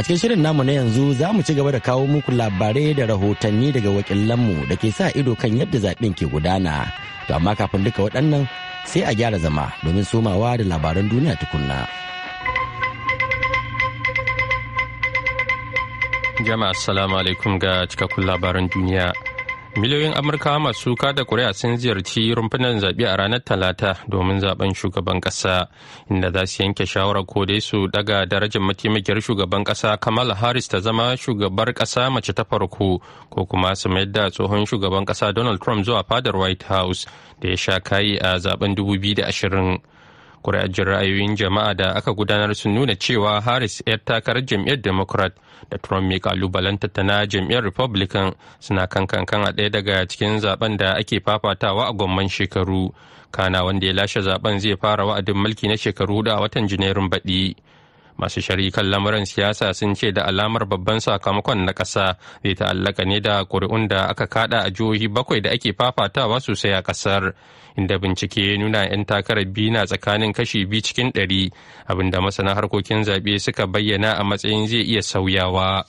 A cikin shirin namu na yanzu za mu ci gaba da kawo muku labarai da rahotanni daga wakilanmu da ke sa ido kan yadda zaɓen ke gudana. To amma kafin duka waɗannan sai a gyara zama domin somawa da labaran duniya tukunna. Jama'a assalamu alaikum ga cikakkun labaran duniya. miliyoyin amurka masu da kuri'a sun ziyarci rumfunan zaɓe a ranar talata domin zaben shugaban ƙasa inda za su yanke shawarar ko dai su daga darajar mataimakiyar shugaban ƙasa kamala harris ta zama shugabar ƙasa mace ta farko ko kuma su mayar da tsohon shugaban ƙasa donald trump zuwa fadar white house da ya sha kayi a zaben 2020 Kuri'ajin ra'ayoyin jama'a da aka gudanar sun nuna cewa Harris 'yar takarar jam'iyyar Democrat da Trump mai kalubalanta ta na jam'iyyar Republican suna kan a ɗaya daga cikin zaben da ake fafatawa a gwamman shekaru. Kana wanda ya lashe zaben zai fara wa'adin mulki na shekaru hudu a watan Janairun baɗi. masu sharikan lamuran siyasa sun ce da alamar babban sakamakon na ƙasa zai ta'allaka ne da ƙuri'un da aka kaɗa a jihohi bakwai da ake fafatawa sosai a ƙasar inda bincike ya nuna 'yan takarar biyu na tsakanin kashi biyu cikin ɗari abinda masana harkokin zaɓe suka bayyana a matsayin zai iya sauyawa.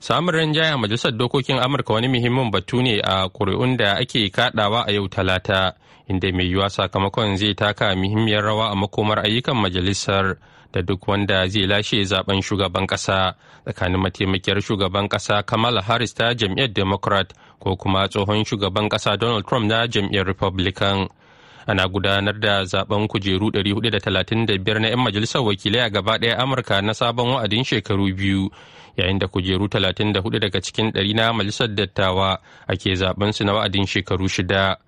samun rinjaya a majalisar dokokin amurka wani muhimmin batu ne a ƙuri'un da ake kaɗawa a yau talata inda mai yiwuwa sakamakon zai taka muhimmiyar rawa a makomar ayyukan majalisar da duk wanda zai lashe zaben shugaban kasa tsakanin mataimakiyar shugaban kasa kamala harris ta jam'iyyar democrat ko kuma tsohon shugaban kasa donald trump na jam'iyyar republican ana gudanar da zaben kujeru 435 na 'yan majalisar wakilai a gaba ɗaya amurka na sabon wa'adin shekaru biyu yayin da kujeru 34 daga cikin 100 na majalisar dattawa ake zaben su na wa'adin shekaru shida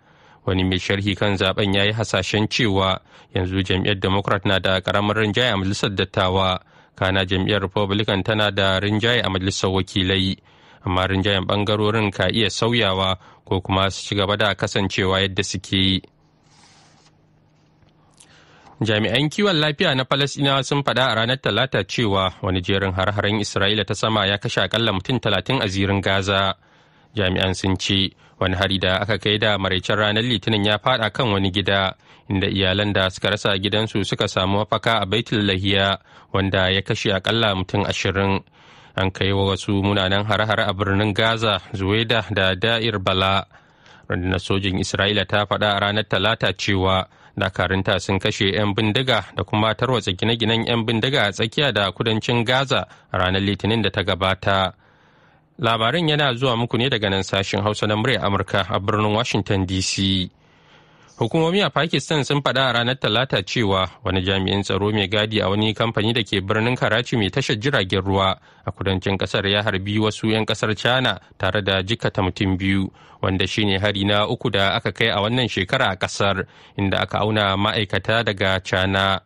wani mai sharhi kan zaben ya yi hasashen cewa yanzu jam'iyyar democrat na da karamar rinjaye a majalisar dattawa kana jam'iyyar republican tana da rinjaye a majalisar wakilai amma rinjayen bangarorin ka iya sauyawa ko kuma su ci gaba da kasancewa yadda suke yi jami'an kiwon lafiya na falasɗinawa sun faɗa a ranar talata cewa wani jerin har-haren isra'ila ta sama ya kashe akalla mutum talatin a zirin gaza jami'an sun ce wani hari da aka kai da maraicen ranar litinin ya fada kan wani gida inda iyalan da suka rasa gidansu suka samu mafaka a baitul lahiya wanda ya kashe akalla mutum ashirin an kai wa wasu munanan hare-hare a birnin gaza zuwaida da da'ir bala rundunar sojin isra'ila ta faɗa a ranar talata cewa dakarunta sun kashe 'yan bindiga da kuma tarwatsa gine-ginen 'yan bindiga a tsakiya da kudancin gaza a ranar litinin da ta gabata Labaran yana zuwa muku ne daga nan sashen Hausa na murya Amurka a birnin Washington DC. Hukumomi a Pakistan sun faɗa a ranar Talata cewa wani jami'in tsaro mai gadi a wani kamfani da ke birnin Karachi mai tashar jiragen ruwa a kudancin kasar ya harbi wasu 'yan kasar China tare da jikata mutum biyu wanda shine hari na uku da aka kai a wannan shekara a kasar inda aka auna ma'aikata daga China.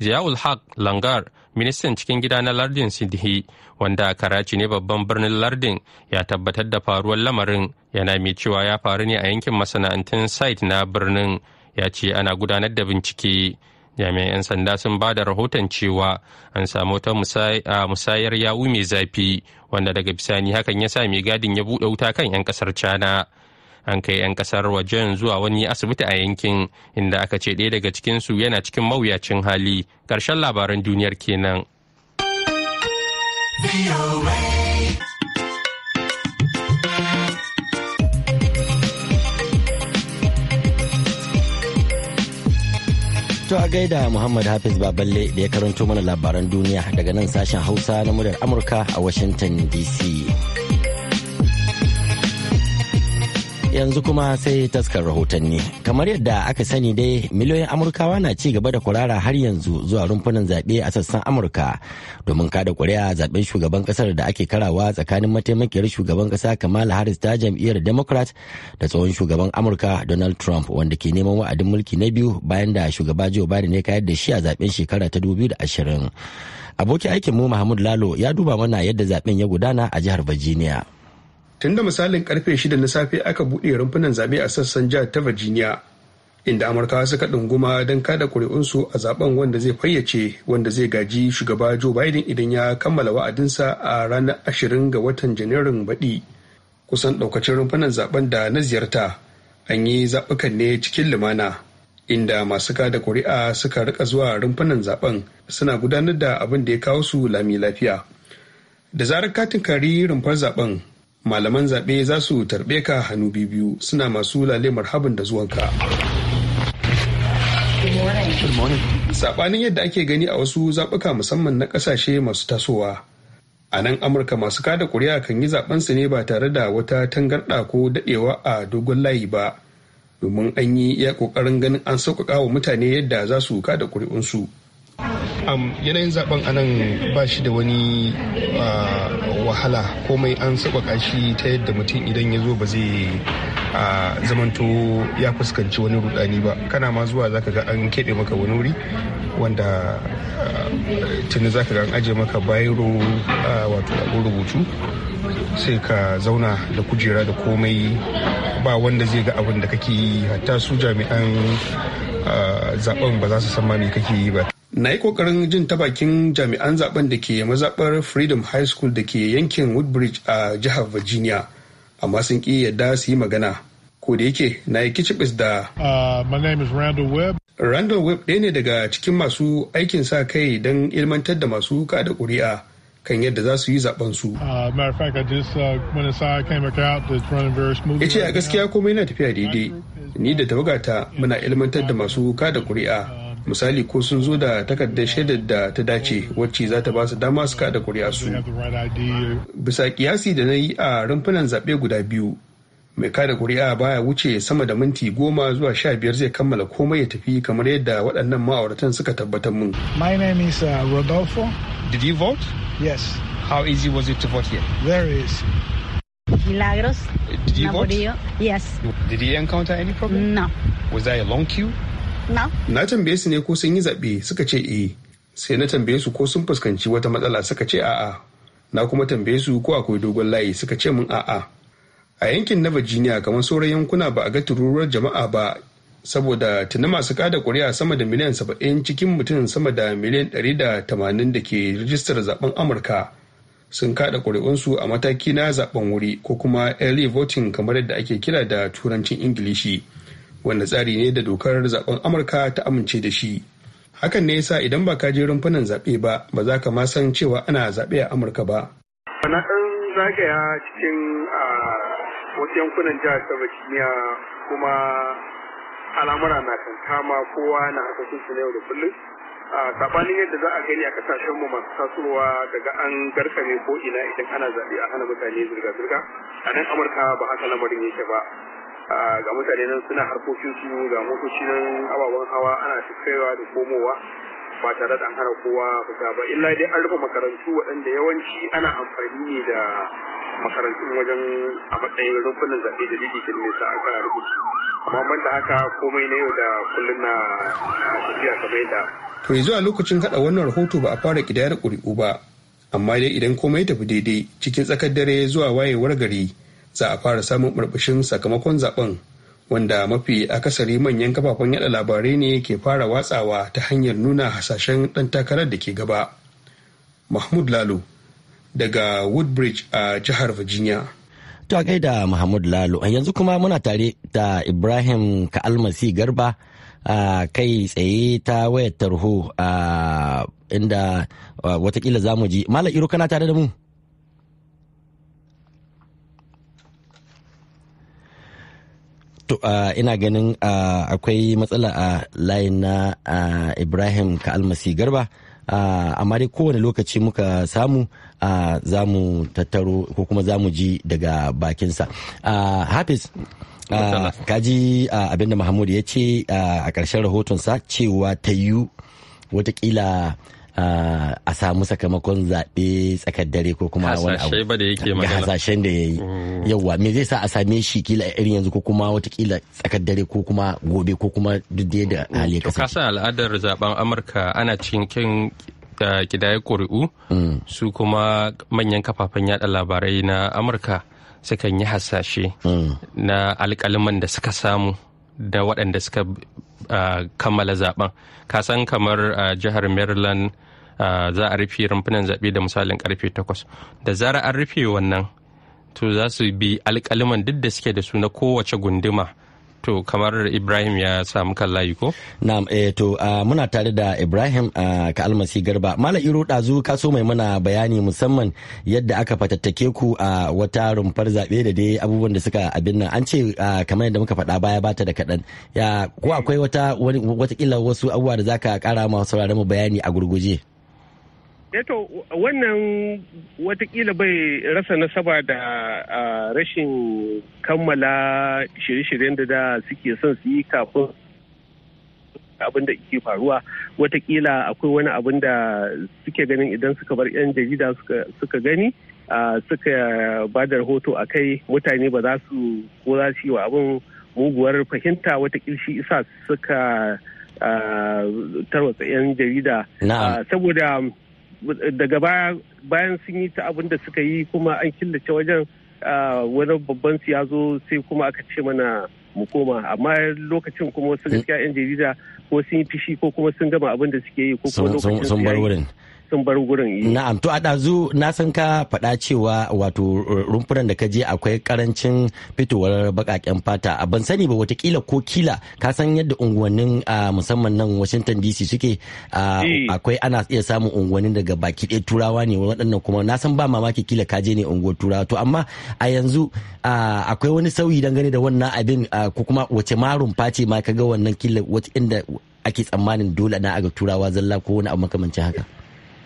Ziaul Haq Langar ministan cikin gida na lardin sidhi wanda a karaci ne babban birnin lardin ya tabbatar da faruwar lamarin yana mai cewa ya faru ne a yankin masana'antun site na birnin ya ce ana gudanar da bincike jami'an 'yan sanda sun ba da rahoton cewa an samu ta musayar yawu mai zafi wanda daga bisani hakan ya sa mai gadin ya buɗe wuta kan 'yan ƙasar cana. an kai 'yan kasar wajen zuwa wani asibiti a yankin inda aka ce ɗaya daga cikinsu yana cikin mawuyacin hali ƙarshen labaran duniyar kenan. To a gaida Muhammad Hafiz Baballe da ya karanto mana labaran duniya daga nan sashen Hausa na muryar Amurka a Washington DC. yanzu kuma sai taskar rahotanni kamar yadda aka sani dai miliyoyin amurkawa na ci gaba da kurara har yanzu zuwa rumfunan zaɓe a sassan amurka domin kada kuri'a zaɓen shugaban ƙasar da ake karawa tsakanin mataimakiyar shugaban ƙasa kamala harris ta jam'iyyar democrat da tsohon shugaban amurka donald trump wanda ke neman wa'adin mulki na biyu bayan da shugaba joe biden ya kayar da shi a zaɓen shekara ta 2020 abokin aikinmu mahmud lalo ya duba mana yadda zaɓen ya gudana a jihar virginia tunda misalin karfe 6 na safe aka bude rumfunan zabe a sassan jihar ta virginia inda amurkawa suka ɗunguma don kada su a zaben wanda zai fayyace wanda zai gaji shugaba joe biden idan ya kammala wa'adinsa a ranar 20 ga watan janairun baɗi kusan ɗaukacin rumfunan zaben da na ziyarta an yi zaɓukan ne cikin lumana inda masu kada kuri'a suka rika zuwa rumfunan zaben suna gudanar da abin da ya kawo su lami lafiya da zarar katin kari rumfar zaben malaman zaɓe za su tarbe ka hannu biyu suna masu lalemar habin da zuwanka. Saɓanin yadda ake gani a wasu zaɓuka musamman na ƙasashe masu tasowa. A nan Amurka masu kada ƙuri'a kan yi su ne ba tare da wata tangarɗa ko daɗewa a dogon layi ba, domin an yi ya ƙoƙarin ganin an sauƙaƙa wa mutane yadda za su kada ƙuri'unsu. Um, yanayin zaben anan ba shi da wani uh, wahala komai an sabaka shi ta yadda mutum idan ya zo ba zai uh, zamanto ya fuskanci wani rudani ba kana ma zuwa zaka ga an keɓe maka wani wuri wanda tuni zaka ga an aje maka bayro wato abin rubutu sai ka zauna da kujera da komai ba wanda zai ga abin da kake yi hatta su jami'an zaben ba za su san ma me kake yi ba na yi kokarin jin ta bakin jami'an zaben da ke mazabar freedom high school da ke yankin woodbridge a jihar virginia amma sun ki yadda su yi magana ko da yake na yi kicibis da uh, randall webb ɗaya ne daga cikin masu aikin sa kai don ilmantar da masu kada ƙuri'a kan yadda za su yi zaben uh, uh, su. Ya ce a gaskiya komai na tafiya daidai, ni da tawagata muna ilmantar da masu kada ƙuri'a misali ko sun zo da takardar shaidar da ta dace wacce za ta ba su dama su kada kuri'a su bisa kiyasi da na yi a rumfunan zaɓe guda biyu mai kada kuri'a baya wuce sama da minti goma zuwa sha biyar zai kammala komai ya tafi kamar yadda waɗannan ma'auratan suka tabbatar mun. my milagros did you vote yes did you encounter any problem no was there a long queue Na tambaye su ne ko sun yi zaɓe suka ce eh. Sai na tambaye su ko sun fuskanci wata matsala suka ce a'a. Na kuma tambaye su ko akwai dogon layi suka ce mun a'a. A yankin na Virginia kamar sauran yankuna ba a ga tururuwar jama'a ba saboda tuni masu kada kuri'a sama da miliyan saba'in cikin mutum sama da miliyan ɗari da tamanin da ke rijistar zaben Amurka sun kada kuri'unsu a mataki na zaben wuri ko kuma early voting kamar yadda ake kira da turancin Ingilishi. wanda tsari ne da dokar zaben amurka ta amince da shi hakan ne yasa idan ba ka je rumfunan zaɓe ba ba za ka ma san cewa ana zaɓe a amurka ba na ɗan zagaya cikin wasu yankunan jihar ta virginia kuma al'amura na kama kowa na harkokin su na yau da kullum a sabanin yadda za a gani a kasashen mu masu tasowa daga an garkame ko ina idan ana zaɓe a hana mutane zirga-zirga a nan amurka ba haka lamarin yake ba ga mutane nan suna harkokin su ga motoci nan ababen hawa ana kaiwa da komowa ba tare da an hana kowa fita ba illa dai an rufe makarantu waɗanda yawanci ana amfani ne da makarantun wajen a matsayin rumfunan zaɓe da jiki kin nesa aka rubutu amma ban da haka komai na yau da kullum na tafiya kamar yadda. to yanzu a lokacin haɗa wannan rahoto ba a fara ƙidayar ƙuri'u ba amma dai idan komai tafi daidai cikin tsakar dare zuwa wayewar gari za a fara samun burbushin sakamakon zaben wanda mafi akasari manyan kafafen yada labarai ne ke fara watsawa ta hanyar nuna hasashen ɗan takarar da ke gaba mahmud lalo daga woodbridge a jihar virginia to a gaida mahmud lalo yanzu kuma muna tare da ibrahim ka'almasi garba a kai tsaye ta wayar tarho a inda watakila za mu ji malam iro kana tare da mu to ina ganin akwai matsala a layin na ibrahim ka almasi garba amma dai kowane lokaci muka samu za mu tattaro ko kuma za mu ji daga bakinsa hafiz kaji abinda mahmud ya ce a ƙarshen rahotonsa cewa ta yiwu watakila a samu sakamakon zaɓe tsakar dare ko kuma wani abu ba da yake magana hasashen da yi mm. yauwa me zai sa a same shi kila irin yanzu ko kuma watakila tsakar dare ko kuma gobe ko kuma duk da yadda mm. hali ka sa al'adar zaben Amurka ana cikin kidayar ƙuri'u mm. su kuma manyan kafafen yada labarai na Amurka sukan yi hasashe na alƙaliman da suka samu da waɗanda suka kammala zaben kasan kamar jihar maryland za a rufe rumfunan zaɓe da misalin karfe takwas da zara an rufe wannan to za su bi alkaliman duk da suke da su na kowace gunduma to kamar ibrahim ya samu kan layi ko na'am eh to muna tare da ibrahim uh, ka almasi garba mala iro dazu ka so mai mana bayani musamman yadda aka fatattake ku a wata rumfar zaɓe da dai abubuwan da suka abin nan an ce kamar yadda muka faɗa baya bata da kaɗan ya ko akwai wata wani watakila wasu abubuwa da zaka ƙara ma sauraron mu bayani a gurguje Eto eh, wannan watakila bai rasa nasaba da rashin kammala shirye-shiryen da da suke son su yi kafin abin da ke faruwa watakila akwai wani abin da suke ganin idan suka bar 'yan jarida suka gani suka ba da rahoto a kai mutane ba za su ko za su yi wa abin muguwar fahimta watakila shi isa suka tarwatsa 'yan jarida saboda daga baya bayan sun yi ta abin da suka yi kuma an killace wajen wani babban su ya zo sai kuma aka ce mana mu koma amma lokacin kuma wasu gaskiya eh. yan jarida ko sun yi fishi ko kuma sun gama abin da suke yi ko kuma lokacin yi. sun bar gurin. Na'am to a ɗazu na san ka faɗa cewa wato rumfunan da ka je akwai karancin fitowar baƙaƙen fata ban sani ba watakila ko kila ka san yadda unguwannin musamman nan Washington DC suke e. akwai ana iya samun unguwannin daga baki ɗaya turawa ne waɗannan kuma na san ba mamaki kila ka je ne unguwar turawa to amma a yanzu akwai wani sauyi dangane da wannan abin ko kuma wace ma rumfa ce ma ka ga wannan kila wata inda ake tsammanin dole na aga turawa zalla ko wani abu makamancin haka.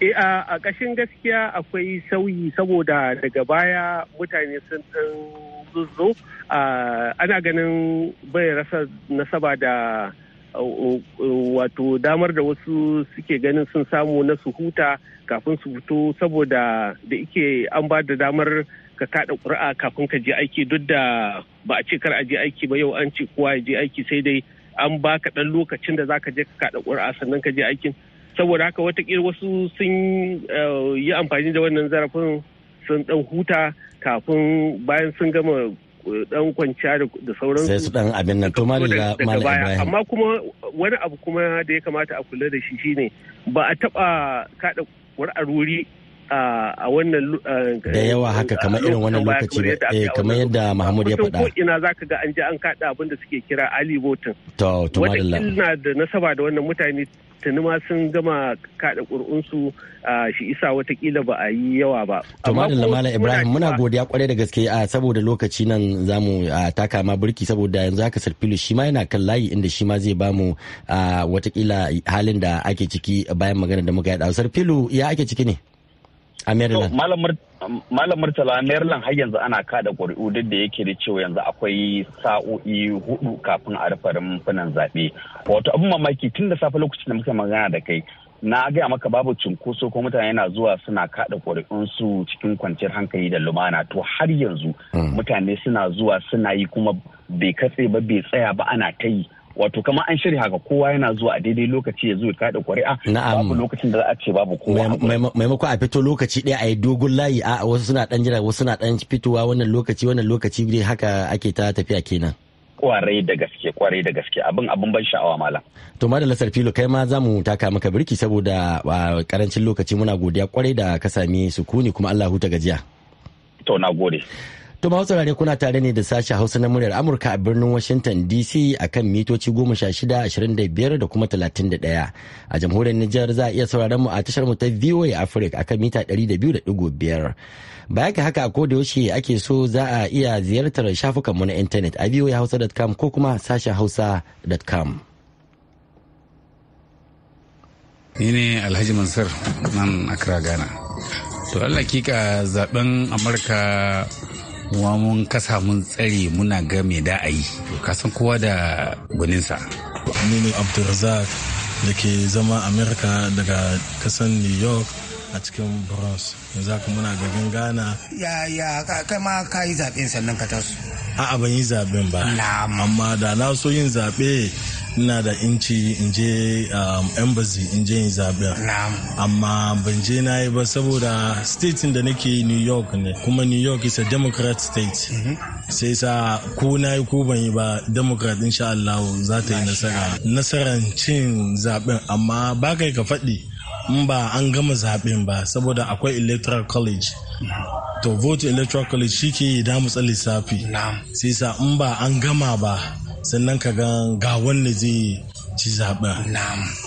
e a ƙashin gaskiya akwai sauyi saboda daga baya mutane sun ɗan zuzzo ana ganin bai rasa nasaba da wato damar da wasu suke ganin sun samu na su huta kafin su fito saboda da ike an ba da damar ka kaɗa ƙuri'a kafin ka je aiki duk da ba a ce kar a je aiki ba yau an ce kowa ya je aiki sai dai an ba ka ɗan lokacin da za ka je ka kaɗa ƙuri'a sannan ka je aikin saboda haka watakila wasu sun eh, yi amfani da wannan zarafin sun dan huta kafin bayan sun gama dan eh, kwanciya da sauran sai su dan abin nan to amma kuma wani abu kuma da ya kamata a kula da shi shine ba a taba kada ƙuri'ar wuri a wannan da yawa haka kamar irin wannan lokaci eh, kamar yadda Mahmud ya faɗa. ko ina zaka ga an ji an kada abin da suke kira Ali Voting To, to madalla. Wata da nasaba da wannan mutane tuni ma sun gama kaɗa su shi isa watakila ba a yi yawa ba. To madalla Malam Ibrahim muna godiya kwarai da gaske a saboda lokaci nan zamu taka ma burki saboda yanzu haka Sarfilu shi ma yana kan layi inda shi ma zai bamu watakila halin da ake ciki bayan magana da muka yaɗa. Sarfilu ya ake ciki ne? a maryland malam murtala maryland har yanzu ana kada ƙuri'u duk da yake da cewa yanzu akwai sa'o'i hudu kafin a rufe rumfunan zaɓe wato abin mamaki tun da safe lokacin da muka magana da kai na gaya maka babu cunkoso ko mutane na zuwa suna kaɗa kada su cikin kwanciyar hankali da lumana to har yanzu hmm. mutane suna zuwa suna yi kuma bai katse ba bai tsaya ba ana ta yi wato kamar an shirya haka kowa yana zuwa a daidai lokaci ya zuwa kada ƙuri'a babu lokacin da za a ce babu kowa maimako a fito lokaci ɗaya a yi dogon layi a wasu suna ɗan jira wasu suna ɗan fitowa wannan lokaci wannan lokaci dai haka ake ta tafiya kenan kwarai da gaske kwarai da gaske abin abin ban sha'awa malam to madalla sarfilo kai ma zamu taka maka birki saboda karancin lokaci muna godiya kwarai da ka sami sukuni kuma Allah huta gajiya to na To masu saurare kuna tare ne da sashi Hausa na muryar Amurka a birnin Washington DC akan mitoci 16-25 da kuma 31. A jamhuriyar Nijar za a iya sauraron mu a tashar mu ta VOA Africa akan mita 200.5. Baya ga haka ko da yaushe ake so za a iya ziyartar shafukan mu na intanet a voahausa.com ko kuma sashen hausa.com. Ni ne Alhaji Mansur nan Accra Ghana. To Allah kika zaben Amurka kuma mun kasa mun tsare muna ga me da a yi kasan kowa da gwaninsa ni ne abdulrazak da ke zama america daga kasan new york a cikin bronx yanzu haka muna ga ghana ya ya kai ma ka yi zaɓen sannan ka taso a'a ban yi zaɓen ba amma da na so yin zaɓe ina da inci in je um, embassy in je in zaɓe amma ban je na yi ba saboda state da nake new york ne kuma new york is a democrat state mhm. sai sa ko na yi ko ban yi ba democrat insha Allah za ta yi nasara nasarar cin zaben amma ba kai ka faɗi in ba an gama zaben ba saboda akwai electoral college mhm. to vote electoral college shi ke damu lissafi sai sa in ba an gama ba sannan ka ga ga wanda zai ci zaɓen.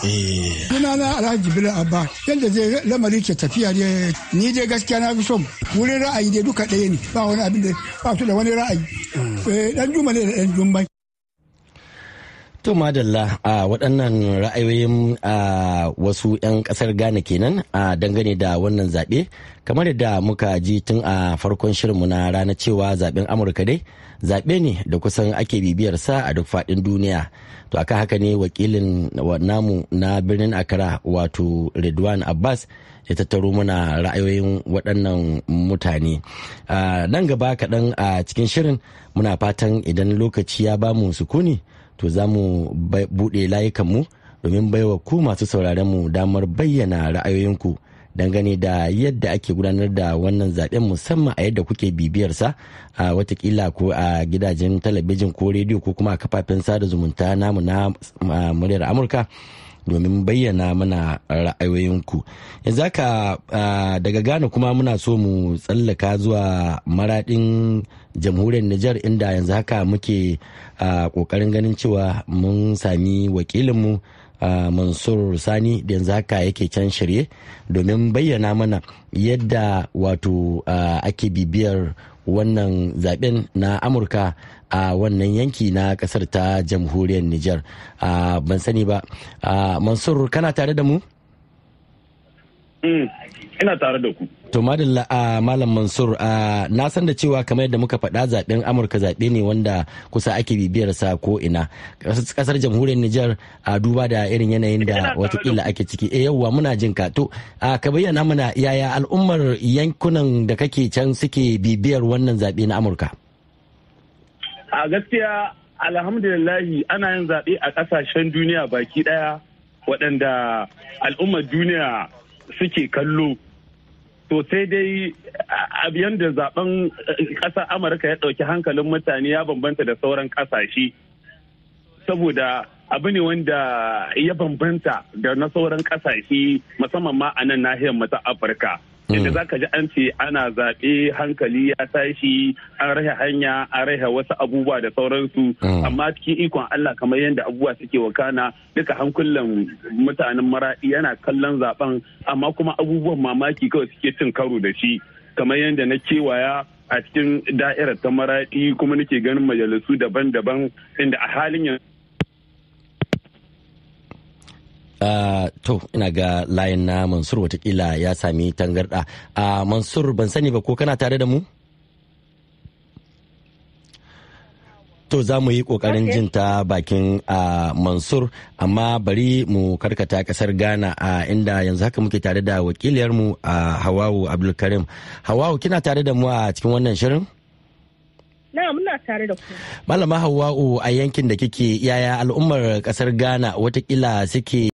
Eh. Sunana Alhaji Bilal Abba yadda zai lamari ke tafiya ne ni dai gaskiya na fi son wurin ra'ayi dai duka ɗaya ne ba wani abin da ba su da wani ra'ayi. Dan mm. eh, Juma ne da Dan juma. To madalla a waɗannan ra'ayoyin a wasu 'yan ƙasar Ghana kenan a dangane da wannan zaɓe kamar da muka ji tun a farkon shirinmu na ranar cewa zaɓen Amurka dai zaɓe ne da kusan ake bibiyarsa a duk faɗin duniya. To aka haka ne wakilin namu na birnin Accra wato Redwan Abbas ya tattaro mana ra'ayoyin waɗannan mutane. Nan gaba kaɗan a cikin shirin muna fatan idan lokaci ya bamu sukuni. to za mu buɗe layukanmu domin baiwa ku masu sauraren mu damar bayyana ra'ayoyinku dangane da yadda ake gudanar da wannan zaben musamman a yadda kuke bibiyarsa a watakila ko a gidajen talabijin ko rediyo ko kuma a kafafen sada zumunta namu na muryar amurka domin bayyana mana ra'ayoyinku yanzu haka daga ghana kuma muna so mu tsallaka zuwa maradin jamhuriyar Nijar inda yanzu haka muke kokarin ganin cewa mun sami wakilinmu mansur sani da yanzu haka yake can shirye domin bayyana mana yadda wato ake bibiyar wannan zaben na amurka a wannan yanki na kasar ta jamhuriyar niger ban sani ba mansur kana tare da mu mm, ina tare da ku To madalla a Malam Mansur na san da cewa kamar yadda muka faɗa zaɓen Amurka zaɓe ne wanda kusa ake bibiyar sa ko ina. Kasar jamhuriyar Nijar a duba da irin yanayin da watakila ake ciki. e eh, yawwa muna jin ka. To ka bayyana mana yaya al'ummar yankunan da kake can suke bibiyar wannan zaɓe na Amurka. A gaskiya alhamdulillahi ana yin zaɓe a ƙasashen duniya baki ɗaya waɗanda al'ummar duniya suke kallo. to sai dai abiyan yadda zaben eh, ƙasar amurka ya ɗauki hankalin mutane ya bambanta da sauran ƙasashe saboda abu ne wanda ya bambanta da na sauran ƙasashe musamman ma a nan nahiyar mata afirka yadda hmm. za ka ji an ce ana zaɓe hankali ya tashi an rahe hanya an rahe wasu abubuwa da sauransu hmm. amma cikin ikon Allah kamar yadda abubuwa suke wakana duka hankulan mutanen maraɗi yana kallon zaɓen amma kuma abubuwan mamaki kawai suke cin karo da shi kamar yadda na kewaya a cikin da'irar ta maraɗi kuma nake ganin majalisu daban-daban inda a halin yanzu Ah, to ina ga layin na mansur watakila ya sami tangarda uh, ah, mansur ban sani ba ko kana tare da mu to za mu yi kokarin okay. jinta bakin a ah, mansur amma bari mu karkata kasar ghana a inda yanzu haka muke tare da wakiliyarmu a hawawu abdulkarim hawawu kina tare da mu a cikin wannan shirin malama hawa'u a yankin da kike yaya al'ummar kasar ghana watakila suke